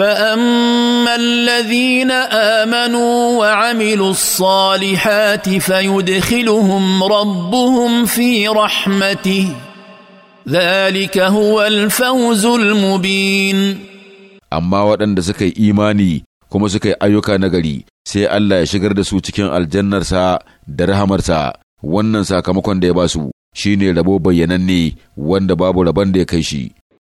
فاما الذين امنوا وعملوا الصالحات فيدخلهم ربهم في رحمته ذلك هو الفوز المبين amma waɗanda suka yi imani kuma suka yi ayyuka nagari sai Allah ya shigar da su cikin aljannarsa da rahamarsa wannan sakamakon da ya basu shine rabo bayyananne wanda babu rabon da ya kai shi